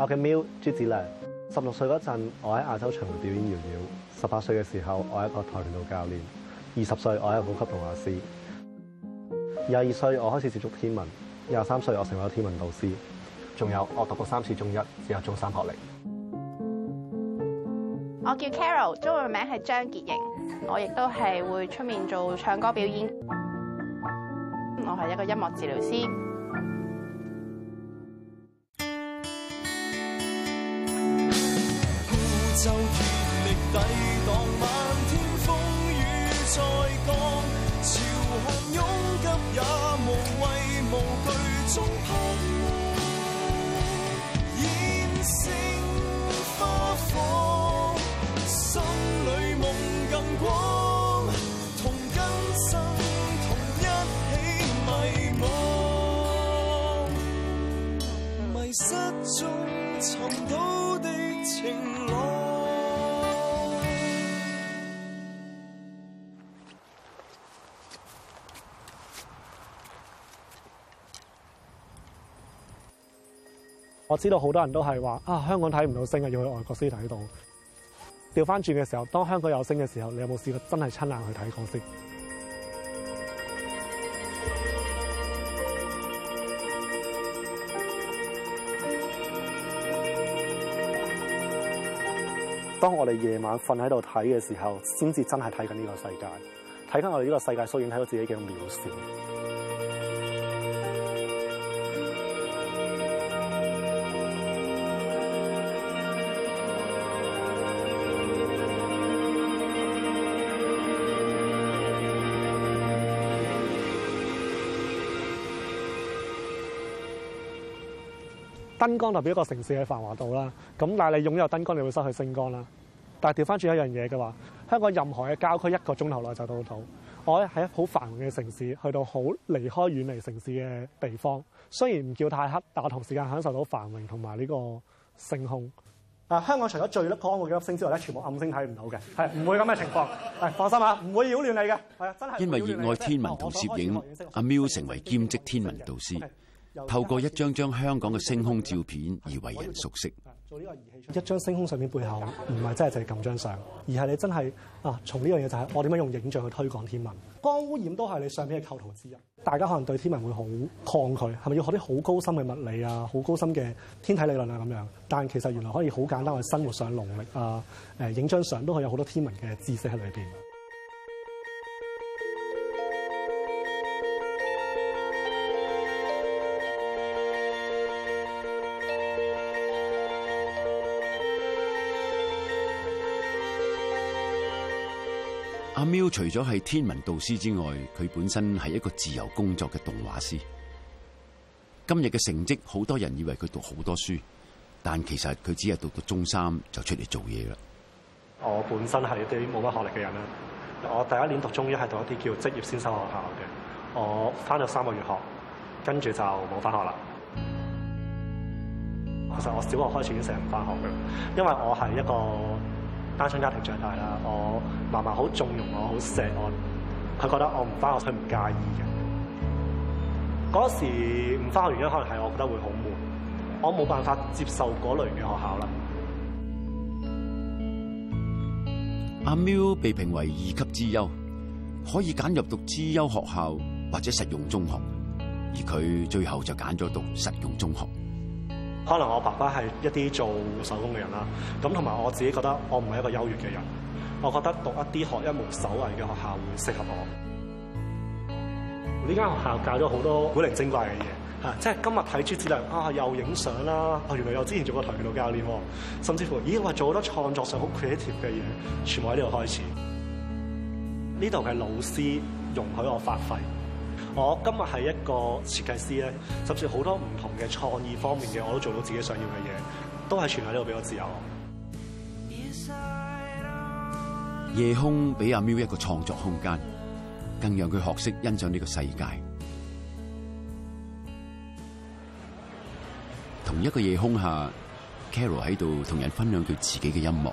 我叫 Mew 朱子亮，十六歲嗰陣我喺亞洲巡迴表演搖搖，十八歲嘅時候我係一個跆拳道教練，二十歲我係副級動畫師，廿二歲我開始接觸天文，廿三歲我成為天文導師，仲有我讀過三次中一，只有中三學歷。我叫 Carol，中文名係張傑瑩，我亦都係會出面做唱歌表演，我係一個音樂治療師。就竭力抵擋漫天風雨，再降潮洶湧急也無畏無懼。中我知道好多人都係話啊，香港睇唔到星啊，要去外國先睇到。調翻轉嘅時候，當香港有星嘅時候，你有冇試過真係親眼去睇過星？當我哋夜晚瞓喺度睇嘅時候，先至真係睇緊呢個世界，睇緊我哋呢個世界縮影，睇到自己嘅渺小。燈光代表一個城市嘅繁華度啦，咁但係你擁有燈光，你會失去星光啦。但係調翻轉一樣嘢嘅話，香港任何嘅郊區一個鐘頭內就到到。我喺好繁榮嘅城市，去到好離開遠離城市嘅地方，雖然唔叫太黑，但我同時間享受到繁榮同埋呢個星空。啊，香港除咗最光嗰幾粒星之外咧，全部暗星睇唔到嘅，係唔會咁嘅情況。係放心啊，唔會擾亂你嘅。係啊，真係。因為熱愛天文同、就是啊、攝影，阿、啊、Mew 成為兼職天文導師。透過一張張香港嘅星空照片而為人熟悉。做呢個儀器，一張星空相片背後唔係真係就係咁張相，而係你真係啊。從呢樣嘢就係我點樣用影像去推廣天文。光污染都係你上面嘅構圖之一。大家可能對天文會好抗拒，係咪要學啲好高深嘅物理啊？好高深嘅天體理論啊？咁樣，但其實原來可以好簡單，我生活上農曆啊，誒，影張相都可以有好多天文嘅知識喺裏邊。除咗係天文導師之外，佢本身係一個自由工作嘅動畫師。今日嘅成績，好多人以為佢讀好多書，但其實佢只係讀到中三就出嚟做嘢啦。我本身係一啲冇乜學歷嘅人啦，我第一年讀中一係讀一啲叫職業先修學校嘅，我翻咗三個月學，跟住就冇翻學啦。其實我小學開始已經成日唔翻學噶，因為我係一個。單親家庭長大啦，我嫲嫲好縱容我，好錫我，佢覺得我唔翻學佢唔介意嘅。嗰時唔翻學原因可能係我覺得會好悶，我冇辦法接受嗰類嘅學校啦。阿喵、啊、被評為二級資優，可以揀入讀資優學校或者實用中學，而佢最後就揀咗讀實用中學。可能我爸爸係一啲做手工嘅人啦，咁同埋我自己覺得我唔係一個優越嘅人，我覺得讀一啲學一門手藝嘅學校會適合我。呢間學校教咗好多古靈精怪嘅嘢，嚇！即係今日睇朱子亮啊，又影相啦，哦，原來我之前做過跆拳道教練，甚至乎咦話做好多創作上好 creative 嘅嘢，全部喺呢度開始。呢度嘅老師容許我發揮。我今日係一個設計師咧，甚至好多唔同嘅創意方面嘅，我都做到自己想要嘅嘢，都係全喺呢度俾我自由。夜空俾阿 Mew 一個創作空間，更讓佢學識欣賞呢個世界。同一個夜空下，Carol 喺度同人分享佢自己嘅音樂。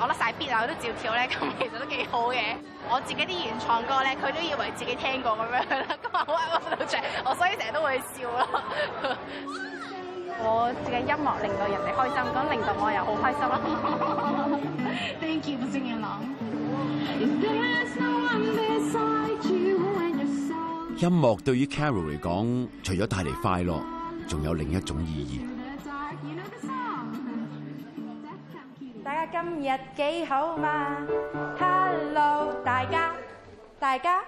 我甩晒邊啊！我都照跳咧，咁其實都幾好嘅。我自己啲原創歌咧，佢都以為自己聽過咁樣啦。今日我喺度唱，我所以成日都會笑咯。我自己音樂令到人哋開心，咁令到我又好開心咯。Thank you，sing along。音樂對於 Carol 嚟講，除咗帶嚟快樂，仲有另一種意義。今日幾好嘛？Hello，大家大家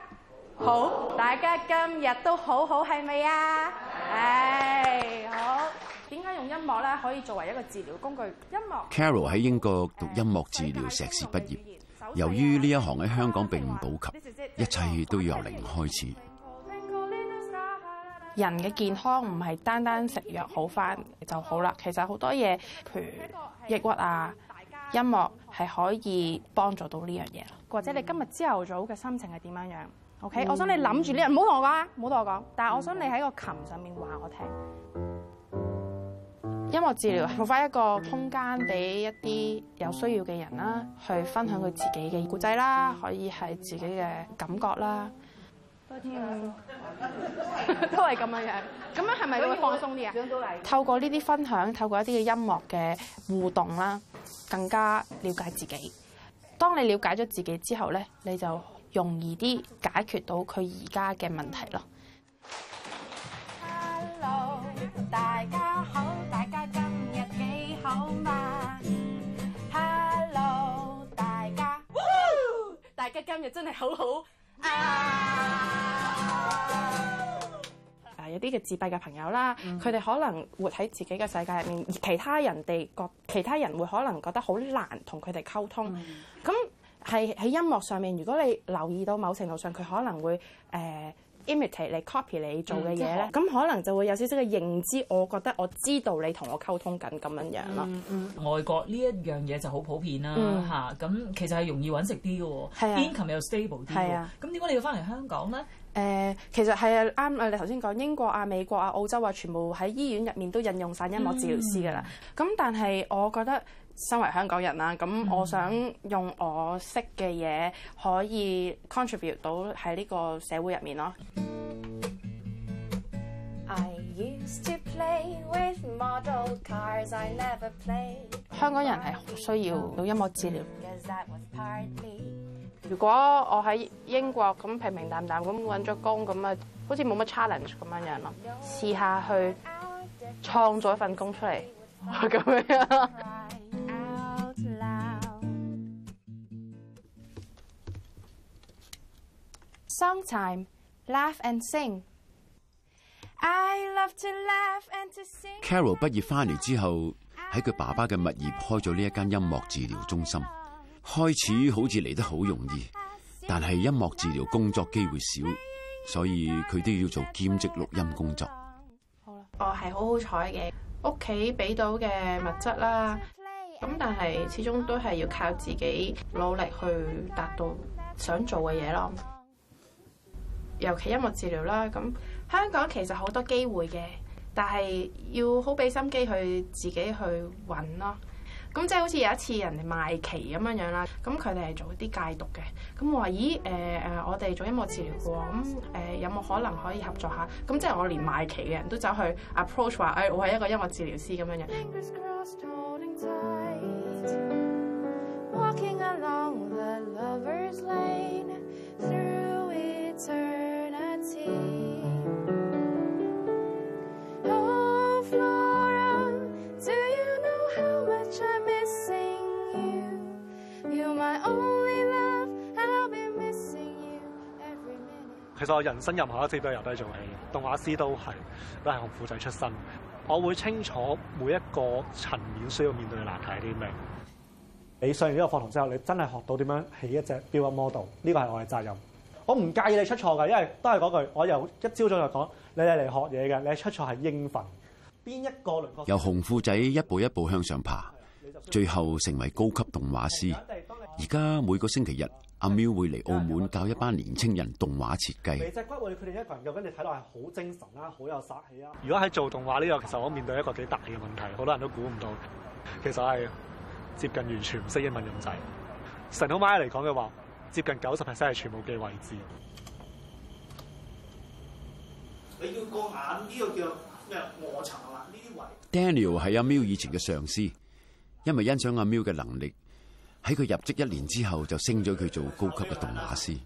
好，大家，好大家今日都好好，係咪啊？唉嗎，好，點解用音樂咧可以作為一個治療工具？音樂 Carol 喺英國讀音樂治療碩士畢業，由於呢一行喺香港並唔普及，一切都要由零開始。人嘅健康唔係單單食藥好返就好啦。其實好多嘢，譬如抑鬱啊。音樂係可以幫助到呢樣嘢啦，或者你今日朝頭早嘅心情係點樣樣？OK，我想你諗住呢樣，唔好同我講，唔好同我講。但係我想你喺個琴上面話我聽。音樂治療留返一個空間俾一啲有需要嘅人啦，去分享佢自己嘅故仔啦，可以係自己嘅感覺啦。嗯、都係咁嘅樣，咁樣係咪都會放鬆啲啊？透過呢啲分享，透過一啲嘅音樂嘅互動啦，更加了解自己。當你了解咗自己之後咧，你就容易啲解決到佢而家嘅問題咯。Hello，大家好，大家今日幾好嘛？Hello，大家，大家今日真係好好啊！誒，有啲嘅自閉嘅朋友啦，佢哋、嗯、可能活喺自己嘅世界入面，其他人哋覺其他人會可能覺得好難同佢哋溝通。咁係喺音樂上面，如果你留意到某程度上，佢可能會誒、呃、imitate 你，copy 你做嘅嘢咧，咁、嗯、可能就會有少少嘅認知。我覺得我知道你同我溝通緊，咁樣樣咯。嗯、外國呢一樣嘢就好普遍啦、啊，吓咁、嗯啊、其實係容易揾食啲嘅，Income、啊、又 stable 啲，咁點解你要翻嚟香港咧？誒，其實係啊，啱誒，你頭先講英國啊、美國啊、澳洲啊，全部喺醫院入面都引用曬音樂治療師㗎啦。咁但係，我覺得身為香港人啦，咁我想用我識嘅嘢可以 contribute 到喺呢個社會入面咯。香港人係好需要到音樂治療。如果我喺英國咁平平淡淡咁搵咗工，咁啊好似冇乜 challenge 咁樣樣咯，試下去創造一份工出嚟咁、嗯、樣。 Some time, laugh and sing. I love to laugh and sing. Carol 畢業返嚟之後，喺佢爸爸嘅物業開咗呢一間音樂治療中心。開始好似嚟得好容易，但係音樂治療工作機會少，所以佢都要做兼職錄音工作。好啦，我係好好彩嘅，屋企俾到嘅物質啦，咁但係始終都係要靠自己努力去達到想做嘅嘢咯。尤其音樂治療啦，咁香港其實好多機會嘅，但係要好俾心機去自己去搵咯。咁即係好似有一次人哋賣旗咁樣樣啦，咁佢哋係做啲戒毒嘅，咁我話：咦，呃，我哋做音樂治療嘅喎，咁呃呃，有冇可能可以合作下？咁即係我連賣旗嘅人都走去 approach 話，哎，我係一個音樂治療師咁樣樣。個人生任何一次都係由低做起嘅，動畫師都係都係紅褲仔出身。我會清楚每一個層面需要面對嘅難題啲咩。你上完呢個課堂之後，你真係學到點樣起一隻標壓 model？呢個係我嘅責任。我唔介意你出錯嘅，因為都係嗰句，我由一朝早就講，你哋嚟學嘢嘅，你出錯係應份。邊一個輪由紅褲仔一步一步向上爬，最後成為高級動畫師。而家每個星期日。阿喵會嚟澳門教一班年青人動畫設計，其只骨會佢哋一個人入跟你睇落係好精神啦，好有殺氣啦。如果喺做動畫呢度，其實我面對一個幾大嘅問題，好多人都估唔到，其實係接近完全唔識英文潤制。神龍馬嚟講嘅話，接近九十 percent 係全部嘅位置。你要過眼呢個叫咩？臥層啊，呢啲位。Daniel 係阿 Mew 以前嘅上司，因為欣賞阿 Mew 嘅能力。喺佢入職一年之後，就升咗佢做高級嘅動畫師。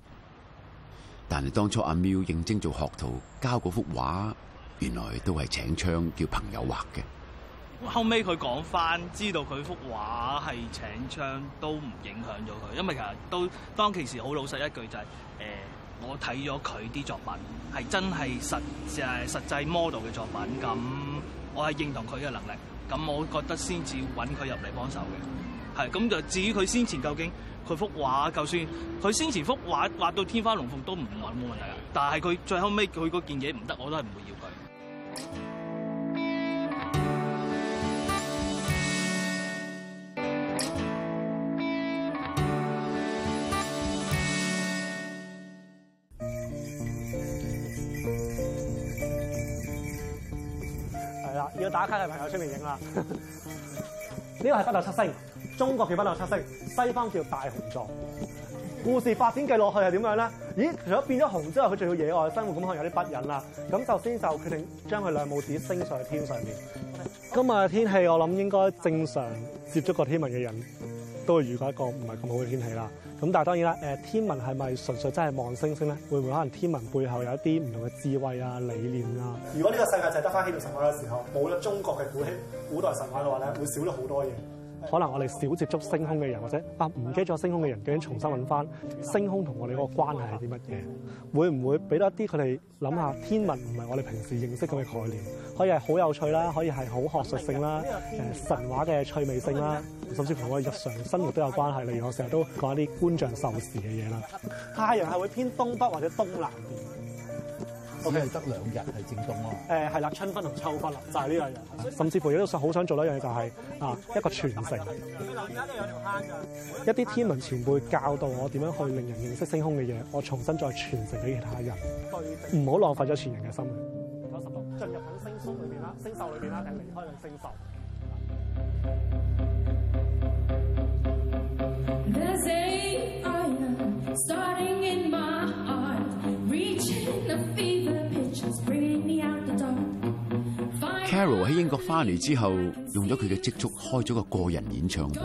但係當初阿 Mew 認真做學徒，交嗰幅畫原來都係請槍叫朋友畫嘅。後尾佢講翻，知道佢幅畫係請槍，都唔影響咗佢，因為其實都當其時好老實一句就係，誒，我睇咗佢啲作品，係真係實誒實際 model 嘅作品，咁我係認同佢嘅能力，咁我覺得先至揾佢入嚟幫手嘅。係咁就至於佢先前究竟佢幅畫，畫，就算佢先前幅畫畫到天花龍鳳都唔揾冇問題啦。但係佢最後尾佢嗰件嘢唔得，我都係唔會要佢。係啦，要打卡嘅朋友出面影啦。 呢個係北斗七星，中國叫北斗七星，西方叫大熊座。故事發展繼落去係點樣咧？咦，除咗變咗熊之後，佢仲要野外生活，咁可能有啲不忍啦。咁頭先就決定將佢兩母子升上去天上面。今日嘅天氣，我諗應該正常接觸過天文嘅人都會遇過一個唔係咁好嘅天氣啦。咁但係當然啦，誒天文係咪純粹真係望星星咧？會唔會可能天文背後有一啲唔同嘅智慧啊、理念啊？如果呢個世界就係得翻希臘神話嘅時候，冇咗中國嘅古希古代神話嘅話咧，會少咗好多嘢。可能我哋少接觸星空嘅人，或者啊唔記咗星空嘅人，究竟重新揾翻星空同我哋個關係係啲乜嘢？會唔會俾多啲佢哋諗下天文唔係我哋平時認識咁嘅概念？可以係好有趣啦，可以係好學術性啦，誒神話嘅趣味性啦，甚至乎我哋日常生活都有關係。例如我成日都講一啲觀象授時嘅嘢啦。太陽係會偏東北或者東南邊。我哋得兩日係正東咯、啊。誒係啦，春分同秋分啦，就係呢兩日。甚至乎我都想好想做一樣嘢，就係啊一個傳承。你睇而家呢樣啱嘅。一啲天文前輩教導我點樣去令人認識星空嘅嘢，我重新再傳承俾其他人。唔好浪費咗前人嘅心。九十六，進入緊星宿裏邊啦，星宿裏邊啦，定係離開緊星宿。喺英國翻嚟之後，用咗佢嘅積蓄開咗個個人演唱會，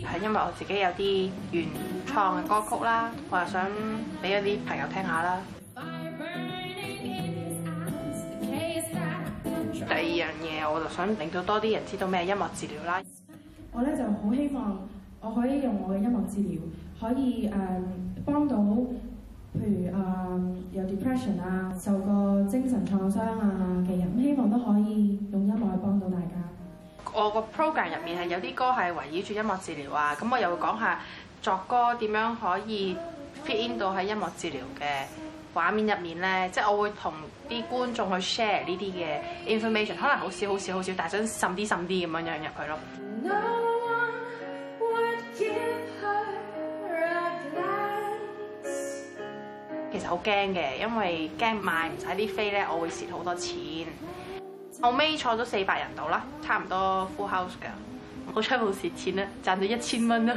係因為我自己有啲原創嘅歌曲啦，我又想俾一啲朋友聽下啦。第二樣嘢，我就想令到 多啲人知道咩音樂治療啦。我咧就好希望，我可以用我嘅音樂治療，可以誒。Uh, 精神創傷啊嘅人，希望都可以用音樂去幫到大家。我個 program 入面係有啲歌係圍繞住音樂治療啊，咁我又會講下作歌點樣可以 fit in 到喺音樂治療嘅畫面入面咧，即係我會同啲觀眾去 share 呢啲嘅 information，可能好少好少好少，但係想滲啲滲啲咁樣樣入去咯。No 其實好驚嘅，因為驚買唔使啲飛咧，我會蝕好多錢。後尾坐咗四百人度啦，差唔多 full house 㗎。好彩冇蝕錢啦，賺咗一千蚊啦。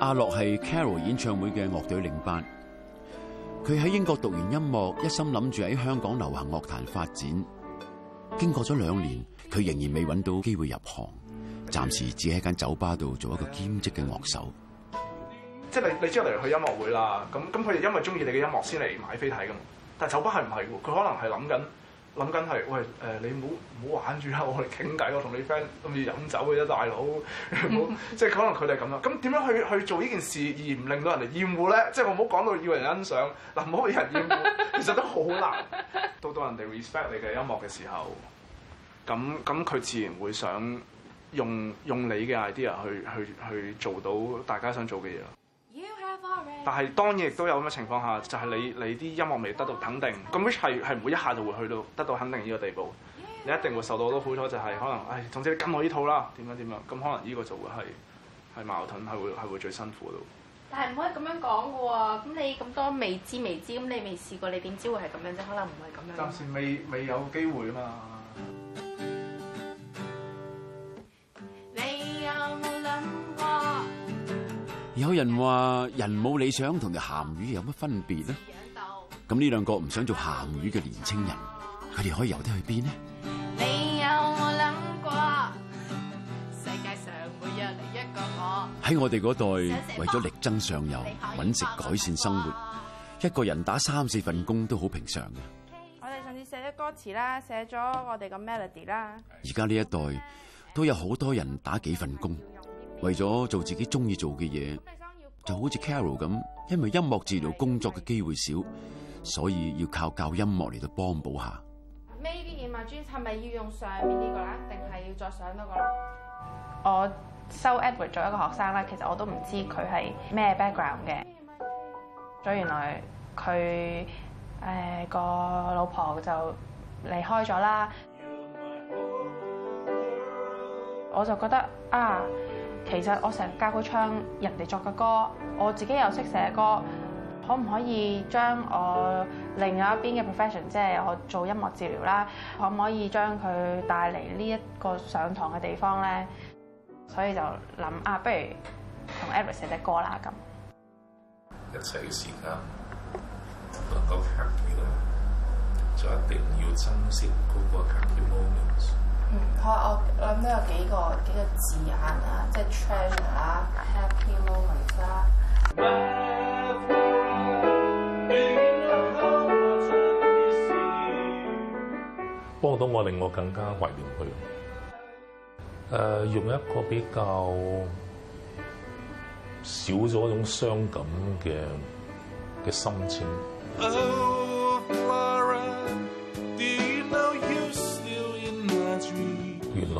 阿樂係 Carol 演唱會嘅樂隊領班，佢喺英國讀完音樂，一心諗住喺香港流行樂壇發展。經過咗兩年，佢仍然未揾到機會入行，暫時只喺間酒吧度做一個兼職嘅樂手。即係你，你知例如去音樂會啦，咁咁佢哋因為中意你嘅音樂先嚟買飛睇噶嘛。但係酒吧係唔係喎？佢可能係諗緊諗緊係，喂、呃、你唔好唔好玩住啦，我哋傾偈，我同你 friend 諗住飲酒嘅啫，大佬。你 即係可能佢哋咁咯。咁點樣去去做呢件事而唔令到人哋厭惡咧？即係我唔好講到要人欣賞，嗱唔好俾人厭惡， 其實都好難。到到人哋 respect 你嘅音樂嘅時候，咁咁佢自然會想用用你嘅 idea 去去去做到大家想做嘅嘢。但係當然亦都有咁嘅情況下，就係、是、你你啲音樂未得到肯定，咁 which 係係唔會一下就會去到得到肯定呢個地步，你一定會受到好多苦楚，就係、是、可能，唉、哎，總之你跟我呢套啦，點樣點樣，咁可能呢個就會係係矛盾，係會係會最辛苦咯。但係唔可以咁樣講噶喎，咁你咁多未知未知，咁你未試過，你點知會係咁樣啫？可能唔係咁樣。暫時未未有機會啊嘛。有人話人冇理想同條鹹魚有乜分別呢？咁呢兩個唔想做鹹魚嘅年青人，佢哋可以游得去邊呢？喺我哋嗰代，為咗力爭上游，揾食改善生活，一個人打三四份工都好平常嘅。我哋上次寫咗歌詞啦，寫咗我哋個 melody 啦。而家呢一代都有好多人打幾份工。為咗做自己中意做嘅嘢，就好似 Carol 咁，因為音樂治療工作嘅機會少，所以要靠教音樂嚟到幫補一下。Maybe 廿萬係咪要用上面呢個啦？定係要再上多個？我收 Edward 做一個學生啦，其實我都唔知佢係咩 background 嘅。所以原來佢誒、呃、個老婆就離開咗啦，我就覺得啊。其實我成日教佢唱人哋作嘅歌，我自己又識寫歌，可唔可以將我另外一邊嘅 profession 即係我做音樂治療啦，可唔可以將佢帶嚟呢一個上堂嘅地方咧？所以就諗啊，不如同 Eric 寫隻歌啦咁。一齊嘅時間能夠 happy 咧，就一定要珍惜嗰個 happy moment。嗯，好，我諗都有幾個幾個字眼即係 treasure 啦，happy moments 啦。 幫到我，令我更加懷念佢。誒、呃，用一個比較少咗一種傷感嘅嘅心情。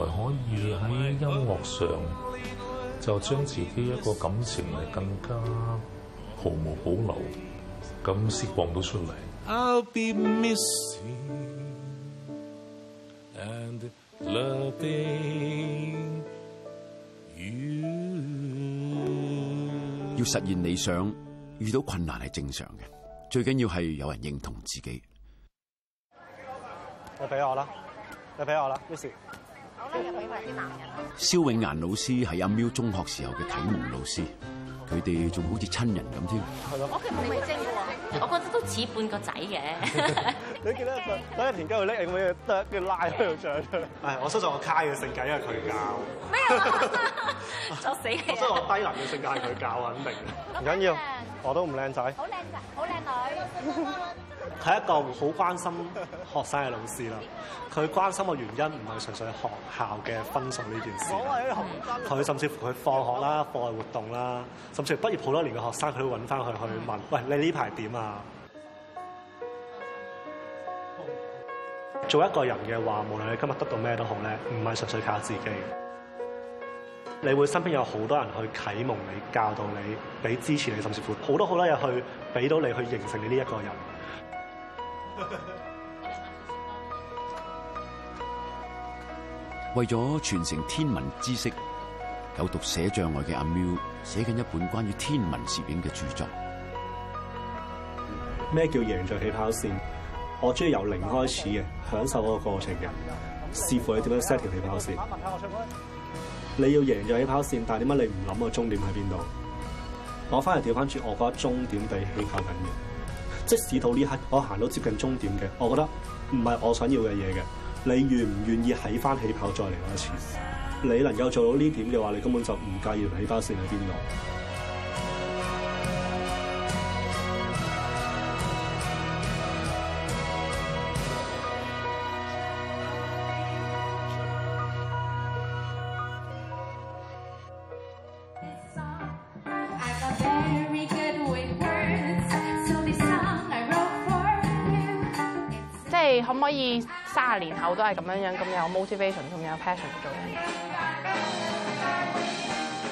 可以喺音樂上就將自己一個感情嚟更加毫無保留咁釋放到出嚟。I'll be missing and loving you. 要實現理想，遇到困難係正常嘅，最緊要係有人認同自己。你俾我啦，你俾我啦，Miss。蕭永顏老師係阿喵中學時候嘅啟蒙老師，佢哋仲好似親人咁添。我其實唔係正喎，我覺得都似半個仔嘅。你得，等一停，雞喺度拎，我樣拉喺度長出嚟。我收藏我卡嘅性格係佢教。咩啊？作死！我收藏我，我低能嘅性格係佢教，肯定。唔緊要，我都唔靚仔。好靚仔，好靚女。佢係一個好關心學生嘅老師啦。佢關心嘅原因唔係純粹學校嘅分數呢件事，佢甚至乎佢放學啦、課外活動啦，甚至乎畢業好多年嘅學生，佢會揾翻佢去問：喂，你呢排點啊？做一個人嘅話，無論你今日得到咩都好咧，唔係純粹靠自己。你會身邊有好多人去啟蒙你、教導你、俾支持你，甚至乎好多好多嘢去俾到你去形成你呢一個人。 為咗傳承天文知識，有讀寫障礙嘅阿 Mew 寫緊一本關於天文攝影嘅著作。咩叫贏在起跑線？我中意由零開始嘅，享受嗰個過程嘅。視乎你點樣 set 條起跑線。你要贏在起跑線，但係點解你唔諗個終點喺邊度？我翻嚟，調翻轉，我覺得終點比起跑緊要。即使到呢刻我行到接近終點嘅，我覺得唔係我想要嘅嘢嘅。你願唔願意喺翻起跑再嚟一次？你能夠做到呢點嘅話，你根本就唔介意起跑線喺邊度。可唔可以三十年後都係咁樣樣咁有 motivation，咁有 passion 做嘢？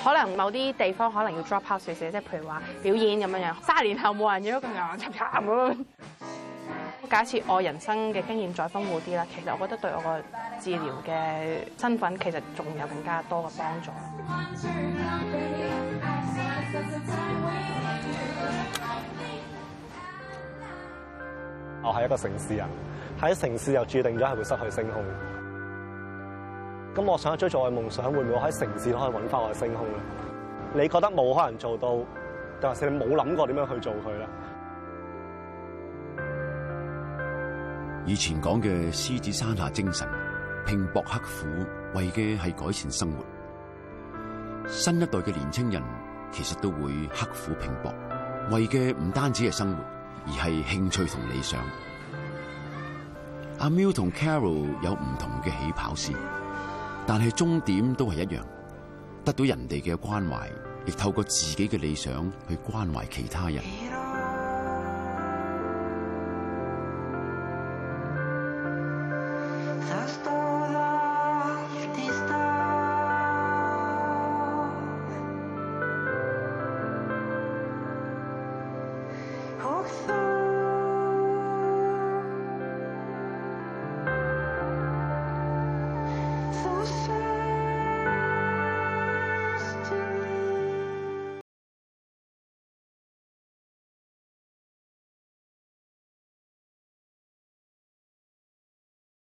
可能某啲地方可能要 drop out 少少，即係譬如話表演咁樣樣。三十年後冇人要咁個牙，慘唔慘？假設我人生嘅經驗再豐富啲啦，其實我覺得對我個治療嘅身份其實仲有更加多嘅幫助。 我係一個城市人，喺城市又注定咗係會失去星空。咁我想追做嘅夢想，會唔會喺城市都可以搵翻我嘅星空咧？你覺得冇可能做到，定係你冇諗過點樣去做佢咧？以前講嘅獅子山下精神，拼搏刻苦，為嘅係改善生活。新一代嘅年青人其實都會刻苦拼搏，為嘅唔單止係生活。而係興趣同理想。阿 Mew 同 Carol 有唔同嘅起跑線，但係終點都係一樣。得到人哋嘅關懷，亦透過自己嘅理想去關懷其他人。